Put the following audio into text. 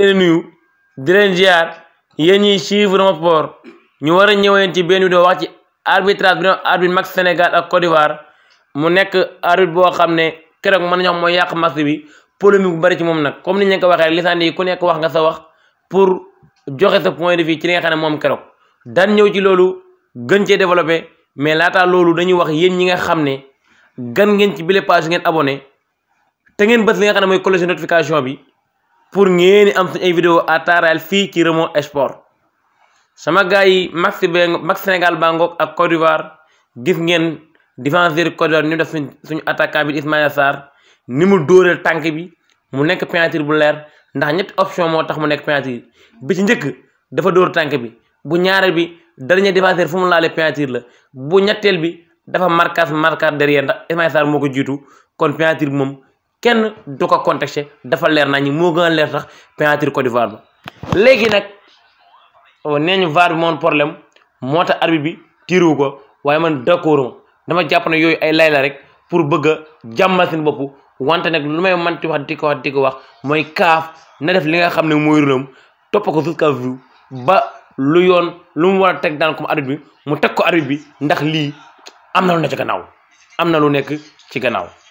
leen nuyu di leen ziar yéen ñiy suivre Sport ñu war a ñëween ci benn vidéo wax ci arbitrage bi doon arbitre match Sénégal ak Côte d'Ivoire mu nekk arbitre boo xam ne keroog mën nañu wax mooy yàq match bi polémique bu bari ci moom nag comme ni ñu ko waxee lisaan yi ku nekk wax nga sa wax pour joxe sa point de vue ci li nga xam ne moom keroog daan ñëw ci loolu gën cee développé mais laataa loolu dañuy wax yéen ñi nga xam ne gan ngeen ci bile page ngeen abonné te ngeen bës li nga xam ne mooy bi pour ngeen am suñu ay vidéo à taaral fii ci Remo Sport sama gars yi match bi match Sénégal bangoog ak Côte d'Ivoire gis ngeen défenseur Côte d'Ivoire ni mu def suñu attaquant bi Ismaïla Sarr ni mu dóoreel tànk bi mu nekk penalty bu leer ndax ñetti option moo tax mu nekk penalty bi ci njëkk dafa dóor tànk bi bu ñaareel bi dernier défenseur fu mu laalee penalty la bu ñetteel bi dafa marquage marquage derrière ndax Ismaïla Sarr moo ko jiitu kon penalty bi moom kenn du ko contexté dafa leer ñi moo gën a leer sax penalty Côte d'Ivoire ba léegi nag oh, nee ñu VAR bi moom problème moo tax arbitre bi tiiru ko waaye man d'accord dama jàpp ne yooyu ay layla rek pour bëgg a jàmmal seen bopp wante nag lu may manti wax di ko wax di ko wax mooy kaaf na def li nga xam ne mooy rëlam topp ko jusqu'à vous ba lu yoon lu mu war a teg daan comme arbitre bi mu teg ko arbitre bi ndax lii am na lu nekk ci gannaaw am na lu nekk ci gannaaw.